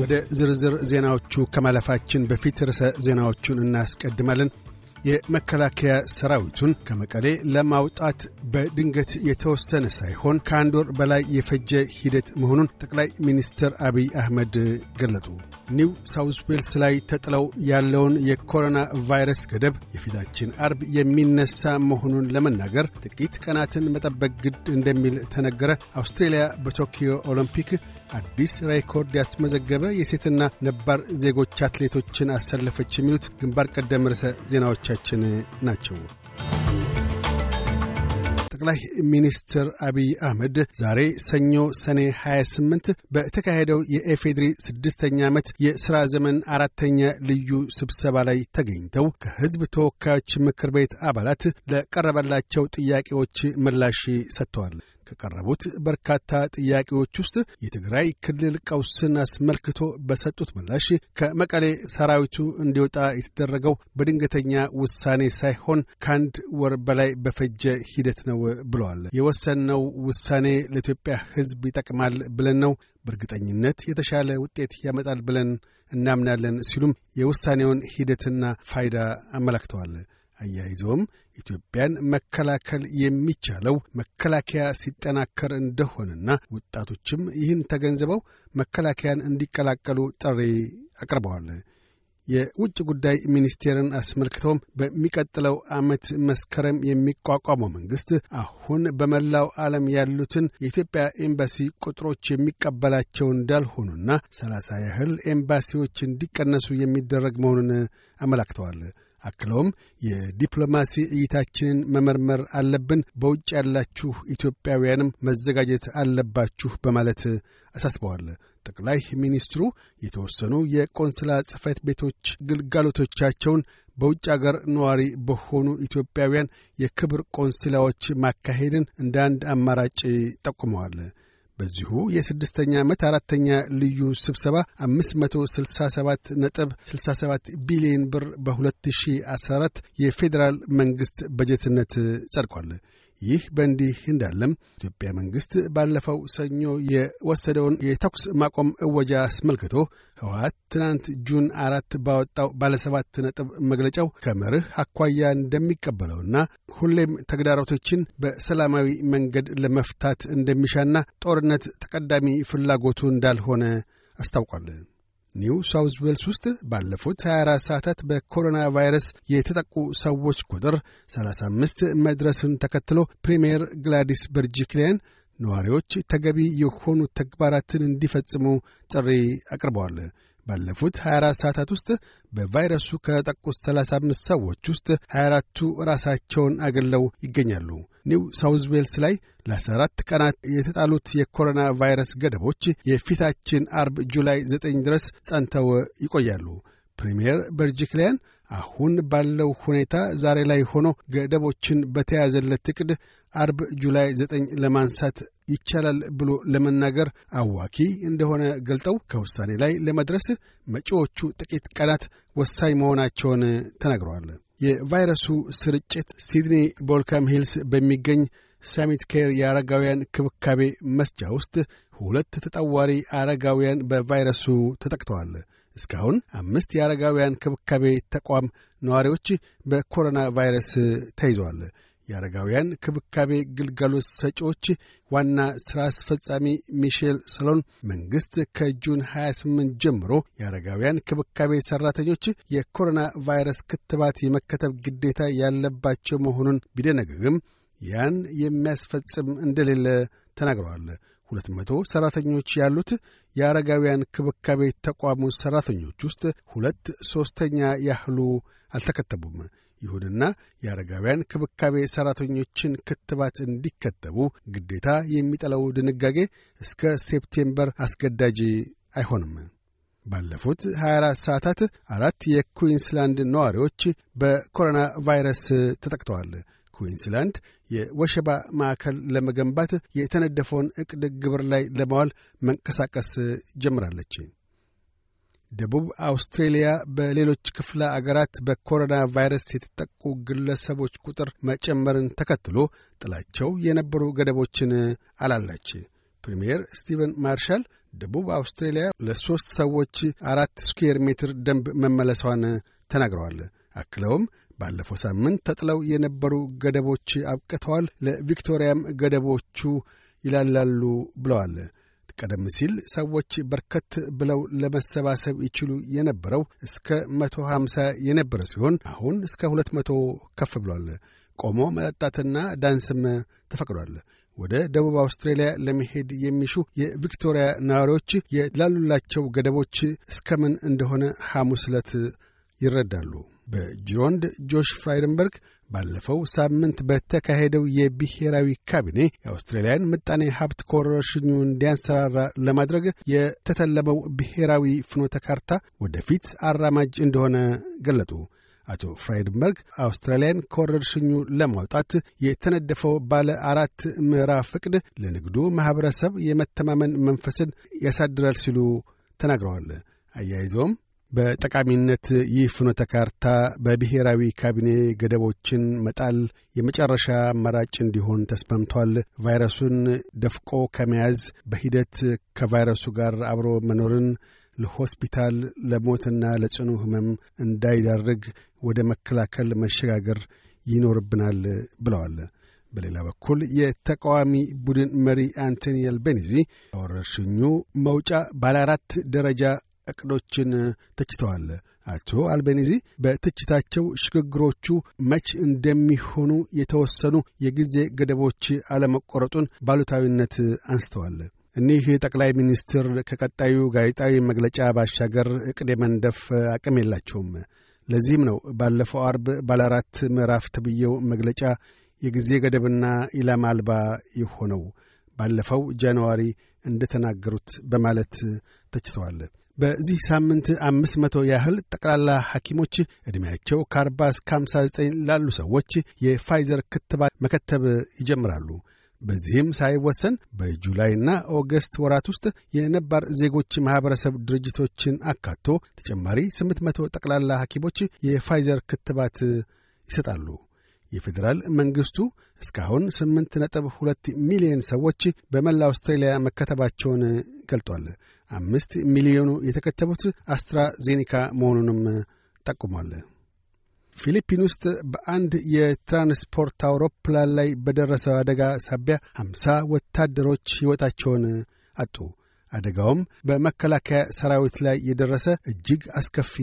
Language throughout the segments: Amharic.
ወደ ዝርዝር ዜናዎቹ ከማለፋችን በፊት ርዕሰ ዜናዎቹን እናስቀድማለን። የመከላከያ ሰራዊቱን ከመቀሌ ለማውጣት በድንገት የተወሰነ ሳይሆን ከአንድ ወር በላይ የፈጀ ሂደት መሆኑን ጠቅላይ ሚኒስትር አቢይ አህመድ ገለጡ። ኒው ሳውዝ ዌልስ ላይ ተጥለው ያለውን የኮሮና ቫይረስ ገደብ የፊታችን አርብ የሚነሳ መሆኑን ለመናገር ጥቂት ቀናትን መጠበቅ ግድ እንደሚል ተነገረ። አውስትሬልያ በቶኪዮ ኦሎምፒክ አዲስ ሬኮርድ ያስመዘገበ የሴትና ነባር ዜጎች አትሌቶችን አሰለፈች የሚሉት ግንባር ቀደም ርዕሰ ዜናዎቻችን ናቸው። ጠቅላይ ሚኒስትር አቢይ አህመድ ዛሬ ሰኞ ሰኔ 28 በተካሄደው የኤፌድሪ ስድስተኛ ዓመት የሥራ ዘመን አራተኛ ልዩ ስብሰባ ላይ ተገኝተው ከሕዝብ ተወካዮች ምክር ቤት አባላት ለቀረበላቸው ጥያቄዎች ምላሽ ሰጥተዋል። ከቀረቡት በርካታ ጥያቄዎች ውስጥ የትግራይ ክልል ቀውስን አስመልክቶ በሰጡት ምላሽ ከመቀሌ ሰራዊቱ እንዲወጣ የተደረገው በድንገተኛ ውሳኔ ሳይሆን ከአንድ ወር በላይ በፈጀ ሂደት ነው ብለዋል። የወሰንነው ውሳኔ ለኢትዮጵያ ሕዝብ ይጠቅማል ብለን ነው በእርግጠኝነት የተሻለ ውጤት ያመጣል ብለን እናምናለን ሲሉም የውሳኔውን ሂደትና ፋይዳ አመላክተዋል። አያይዘውም ኢትዮጵያን መከላከል የሚቻለው መከላከያ ሲጠናከር እንደሆነና ወጣቶችም ይህን ተገንዝበው መከላከያን እንዲቀላቀሉ ጥሪ አቅርበዋል። የውጭ ጉዳይ ሚኒስቴርን አስመልክተውም በሚቀጥለው ዓመት መስከረም የሚቋቋመው መንግሥት አሁን በመላው ዓለም ያሉትን የኢትዮጵያ ኤምባሲ ቁጥሮች የሚቀበላቸው እንዳልሆኑና ሰላሳ ያህል ኤምባሲዎች እንዲቀነሱ የሚደረግ መሆኑን አመላክተዋል። አክለውም የዲፕሎማሲ እይታችንን መመርመር አለብን፣ በውጭ ያላችሁ ኢትዮጵያውያንም መዘጋጀት አለባችሁ በማለት አሳስበዋል። ጠቅላይ ሚኒስትሩ የተወሰኑ የቆንስላ ጽፈት ቤቶች ግልጋሎቶቻቸውን በውጭ አገር ነዋሪ በሆኑ ኢትዮጵያውያን የክብር ቆንስላዎች ማካሄድን እንደ አንድ አማራጭ ጠቁመዋል። በዚሁ የስድስተኛ ዓመት አራተኛ ልዩ ስብሰባ 567 ነጥብ 67 ቢሊዮን ብር በ2014 የፌዴራል መንግሥት በጀትነት ጸድቋል። ይህ በእንዲህ እንዳለም ኢትዮጵያ መንግሥት ባለፈው ሰኞ የወሰደውን የተኩስ ማቆም እወጃ አስመልክቶ ህወሓት ትናንት ጁን አራት ባወጣው ባለሰባት ነጥብ መግለጫው ከመርህ አኳያ እንደሚቀበለውና ሁሌም ተግዳሮቶችን በሰላማዊ መንገድ ለመፍታት እንደሚሻና ጦርነት ተቀዳሚ ፍላጎቱ እንዳልሆነ አስታውቋል። ኒው ሳውዝ ዌልስ ውስጥ ባለፉት 24 ሰዓታት በኮሮና ቫይረስ የተጠቁ ሰዎች ቁጥር 35 መድረስን ተከትሎ ፕሪምየር ግላዲስ በርጂክሊያን ነዋሪዎች ተገቢ የሆኑ ተግባራትን እንዲፈጽሙ ጥሪ አቅርበዋል። ባለፉት 24 ሰዓታት ውስጥ በቫይረሱ ከተጠቁት 35 ሰዎች ውስጥ 24ቱ ራሳቸውን አገለው ይገኛሉ። ኒው ሳውዝ ዌልስ ላይ ለ14 ቀናት የተጣሉት የኮሮና ቫይረስ ገደቦች የፊታችን አርብ ጁላይ 9 ድረስ ጸንተው ይቆያሉ። ፕሪምየር በርጅክሊያን አሁን ባለው ሁኔታ ዛሬ ላይ ሆኖ ገደቦችን በተያዘለት ዕቅድ አርብ ጁላይ 9 ለማንሳት ይቻላል ብሎ ለመናገር አዋኪ እንደሆነ ገልጠው ከውሳኔ ላይ ለመድረስ መጪዎቹ ጥቂት ቀናት ወሳኝ መሆናቸውን ተናግረዋል። የቫይረሱ ስርጭት ሲድኒ ቦልካም ሂልስ በሚገኝ ሳሚት ኬር የአረጋውያን ክብካቤ መስጫ ውስጥ ሁለት ተጠዋሪ አረጋውያን በቫይረሱ ተጠቅተዋል። እስካሁን አምስት የአረጋውያን ክብካቤ ተቋም ነዋሪዎች በኮሮና ቫይረስ ተይዘዋል። የአረጋውያን ክብካቤ ግልጋሎት ሰጪዎች ዋና ሥራ አስፈጻሚ ሚሼል ሰሎን መንግሥት ከጁን 28 ጀምሮ የአረጋውያን ክብካቤ ሠራተኞች የኮሮና ቫይረስ ክትባት የመከተብ ግዴታ ያለባቸው መሆኑን ቢደነግግም ያን የሚያስፈጽም እንደሌለ ተናግረዋል። ሁለት መቶ ሠራተኞች ያሉት የአረጋውያን ክብካቤ ተቋሙ ሠራተኞች ውስጥ ሁለት ሦስተኛ ያህሉ አልተከተቡም። ይሁንና የአረጋውያን ክብካቤ ሠራተኞችን ክትባት እንዲከተቡ ግዴታ የሚጠለው ድንጋጌ እስከ ሴፕቴምበር አስገዳጅ አይሆንም። ባለፉት 24 ሰዓታት አራት የኩዊንስላንድ ነዋሪዎች በኮሮና ቫይረስ ተጠቅተዋል። ኩዊንስላንድ የወሸባ ማዕከል ለመገንባት የተነደፈውን ዕቅድ ግብር ላይ ለማዋል መንቀሳቀስ ጀምራለች። ደቡብ አውስትሬልያ በሌሎች ክፍለ አገራት በኮሮና ቫይረስ የተጠቁ ግለሰቦች ቁጥር መጨመርን ተከትሎ ጥላቸው የነበሩ ገደቦችን አላላች። ፕሪምየር ስቲቨን ማርሻል ደቡብ አውስትሬልያ ለሦስት ሰዎች አራት ስኩዌር ሜትር ደንብ መመለሷን ተናግረዋል። አክለውም ባለፈው ሳምንት ተጥለው የነበሩ ገደቦች አብቅተዋል፣ ለቪክቶሪያም ገደቦቹ ይላላሉ ብለዋል። ቀደም ሲል ሰዎች በርከት ብለው ለመሰባሰብ ይችሉ የነበረው እስከ 150 የነበረ ሲሆን አሁን እስከ 200 ከፍ ብሏል። ቆሞ መጠጣትና ዳንስም ተፈቅዷል። ወደ ደቡብ አውስትራሊያ ለመሄድ የሚሹ የቪክቶሪያ ነዋሪዎች የላሉላቸው ገደቦች እስከምን እንደሆነ ሐሙስ ዕለት ይረዳሉ። በጅሮንድ ጆሽ ፍራይደንበርግ ባለፈው ሳምንት በተካሄደው የብሔራዊ ካቢኔ የአውስትራሊያን ምጣኔ ሀብት ከወረርሽኙ እንዲያንሰራራ ለማድረግ የተተለመው ብሔራዊ ፍኖተ ካርታ ወደፊት አራማጅ እንደሆነ ገለጡ። አቶ ፍራይድንበርግ አውስትራሊያን ከወረርሽኙ ለማውጣት የተነደፈው ባለ አራት ምዕራፍ ፍቅድ ለንግዱ ማኅበረሰብ የመተማመን መንፈስን ያሳድራል ሲሉ ተናግረዋል። አያይዘውም በጠቃሚነት ይህ ፍኖተ ካርታ በብሔራዊ ካቢኔ ገደቦችን መጣል የመጨረሻ አማራጭ እንዲሆን ተስማምቷል። ቫይረሱን ደፍቆ ከመያዝ በሂደት ከቫይረሱ ጋር አብሮ መኖርን ለሆስፒታል፣ ለሞትና ለጽኑ ህመም እንዳይዳርግ ወደ መከላከል መሸጋገር ይኖርብናል ብለዋል። በሌላ በኩል የተቃዋሚ ቡድን መሪ አንቶኒ አልቤኒዚ ወረርሽኙ መውጫ ባለ አራት ደረጃ እቅዶችን ተችተዋል። አቶ አልቤኒዚ በትችታቸው ሽግግሮቹ መች እንደሚሆኑ የተወሰኑ የጊዜ ገደቦች አለመቆረጡን ባሉታዊነት አንስተዋል። እኒህ ጠቅላይ ሚኒስትር ከቀጣዩ ጋዜጣዊ መግለጫ ባሻገር እቅድ የመንደፍ አቅም የላቸውም። ለዚህም ነው ባለፈው አርብ ባለ ምዕራፍ ተብዬው መግለጫ የጊዜ ገደብና ኢላማ አልባ የሆነው ባለፈው ጃንዋሪ እንደተናገሩት በማለት ተችተዋል። በዚህ ሳምንት አምስት መቶ ያህል ጠቅላላ ሐኪሞች ዕድሜያቸው ከአርባ እስከ 59 ላሉ ሰዎች የፋይዘር ክትባት መከተብ ይጀምራሉ። በዚህም ሳይወሰን በጁላይና ኦገስት ወራት ውስጥ የነባር ዜጎች ማኅበረሰብ ድርጅቶችን አካቶ ተጨማሪ 800 መቶ ጠቅላላ ሐኪሞች የፋይዘር ክትባት ይሰጣሉ። የፌዴራል መንግሥቱ እስካሁን 8.2 ሚሊዮን ሰዎች በመላ አውስትራሊያ መከተባቸውን ገልጧል። አምስት ሚሊዮኑ የተከተቡት አስትራዜኒካ መሆኑንም ጠቁሟል። ፊሊፒን ውስጥ በአንድ የትራንስፖርት አውሮፕላን ላይ በደረሰ አደጋ ሳቢያ ሐምሳ ወታደሮች ሕይወታቸውን አጡ። አደጋውም በመከላከያ ሰራዊት ላይ የደረሰ እጅግ አስከፊ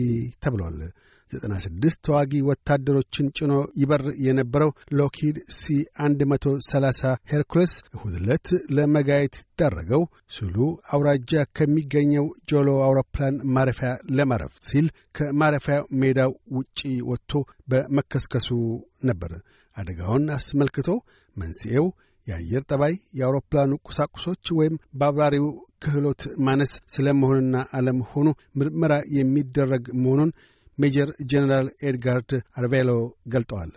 ተብሏል። 96 ተዋጊ ወታደሮችን ጭኖ ይበር የነበረው ሎኪድ ሲ 130 ሄርኩለስ እሁድ ዕለት ለመጋየት ይዳረገው ሲሉ አውራጃ ከሚገኘው ጆሎ አውሮፕላን ማረፊያ ለማረፍ ሲል ከማረፊያ ሜዳው ውጪ ወጥቶ በመከስከሱ ነበር። አደጋውን አስመልክቶ መንስኤው የአየር ጠባይ፣ የአውሮፕላኑ ቁሳቁሶች ወይም በአብራሪው ክህሎት ማነስ ስለመሆንና አለመሆኑ ምርመራ የሚደረግ መሆኑን ሜጀር ጀኔራል ኤድጋርድ አርቬሎ ገልጠዋል።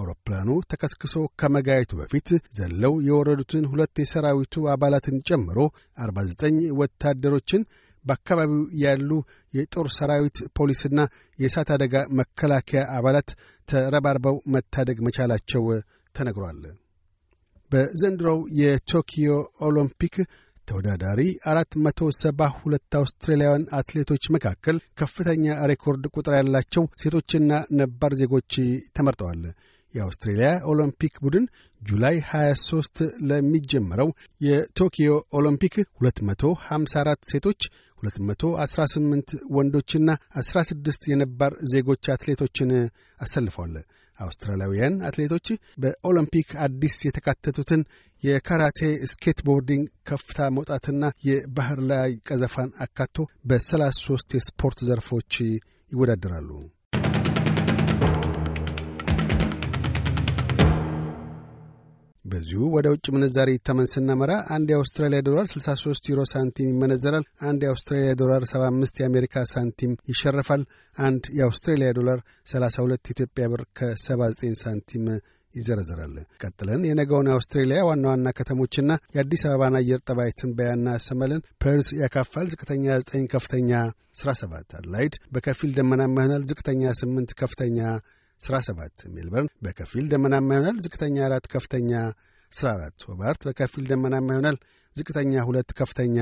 አውሮፕላኑ ተከስክሶ ከመጋየቱ በፊት ዘለው የወረዱትን ሁለት የሰራዊቱ አባላትን ጨምሮ 49 ወታደሮችን በአካባቢው ያሉ የጦር ሰራዊት ፖሊስና የእሳት አደጋ መከላከያ አባላት ተረባርበው መታደግ መቻላቸው ተነግሯል። በዘንድሮው የቶኪዮ ኦሎምፒክ ተወዳዳሪ 472 አውስትራሊያውያን አትሌቶች መካከል ከፍተኛ ሬኮርድ ቁጥር ያላቸው ሴቶችና ነባር ዜጎች ተመርጠዋል። የአውስትሬልያ ኦሎምፒክ ቡድን ጁላይ 23 ለሚጀመረው የቶኪዮ ኦሎምፒክ 254 ሴቶች 218 ወንዶችና 16 የነባር ዜጎች አትሌቶችን አሰልፏል። አውስትራሊያውያን አትሌቶች በኦሎምፒክ አዲስ የተካተቱትን የካራቴ ስኬትቦርዲንግ ከፍታ መውጣትና የባህር ላይ ቀዘፋን አካቶ በሰላሳ ሦስት የስፖርት ዘርፎች ይወዳደራሉ። በዚሁ ወደ ውጭ ምንዛሪ ተመን ስናመራ አንድ የአውስትራሊያ ዶላር 63 ዩሮ ሳንቲም ይመነዘራል። አንድ የአውስትራሊያ ዶላር 75 የአሜሪካ ሳንቲም ይሸረፋል። አንድ የአውስትራሊያ ዶላር 32 ኢትዮጵያ ብር ከ79 ሳንቲም ይዘረዘራል። ቀጥለን የነገውን የአውስትሬሊያ ዋና ዋና ከተሞችና የአዲስ አበባን አየር ጠባይ ትንበያና ሰመልን። ፐርስ ያካፋል። ዝቅተኛ 9 ከፍተኛ 17። አድላይድ በከፊል ደመናማ ይሆናል። ዝቅተኛ 8 ከፍተኛ ስራ 7 ሜልበርን በከፊል ደመናማ ይሆናል። ዝቅተኛ 4 ከፍተኛ ስራ 4 ሆባርት በከፊል ደመናማ ይሆናል። ዝቅተኛ 2 ከፍተኛ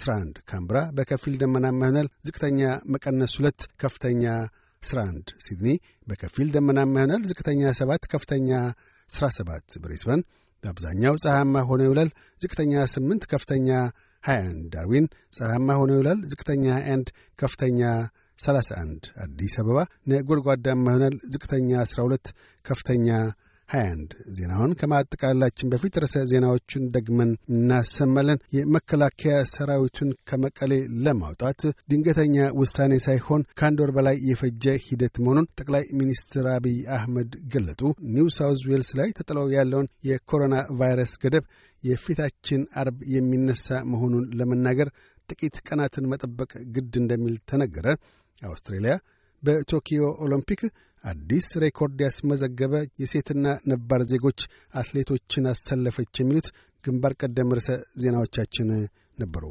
ስራ 1 ካምብራ በከፊል ደመናማ ይሆናል። ዝቅተኛ መቀነስ 2 ከፍተኛ ስራ 1 ሲድኒ በከፊል ደመናማ ይሆናል። ዝቅተኛ 7 ከፍተኛ ስራ 7 ብሪስበን በአብዛኛው ፀሐያማ ሆኖ ይውላል። ዝቅተኛ 8 ከፍተኛ 21 ዳርዊን ፀሐያማ ሆኖ ይውላል። ዝቅተኛ 21 ከፍተኛ 31 አዲስ አበባ ነጎድጓዳማ ይሆናል። ዝቅተኛ 12፣ ከፍተኛ 21። ዜናውን ከማጠቃላችን በፊት ርዕሰ ዜናዎችን ደግመን እናሰማለን። የመከላከያ ሰራዊቱን ከመቀሌ ለማውጣት ድንገተኛ ውሳኔ ሳይሆን ከአንድ ወር በላይ የፈጀ ሂደት መሆኑን ጠቅላይ ሚኒስትር አብይ አህመድ ገለጡ። ኒው ሳውዝ ዌልስ ላይ ተጥለው ያለውን የኮሮና ቫይረስ ገደብ የፊታችን አርብ የሚነሳ መሆኑን ለመናገር ጥቂት ቀናትን መጠበቅ ግድ እንደሚል ተነገረ። አውስትሬልያ በቶኪዮ ኦሎምፒክ አዲስ ሬኮርድ ያስመዘገበ የሴትና ነባር ዜጎች አትሌቶችን አሰለፈች የሚሉት ግንባር ቀደም ርዕሰ ዜናዎቻችን ነበሩ።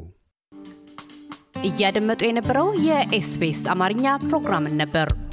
እያደመጡ የነበረው የኤስቢኤስ አማርኛ ፕሮግራምን ነበር።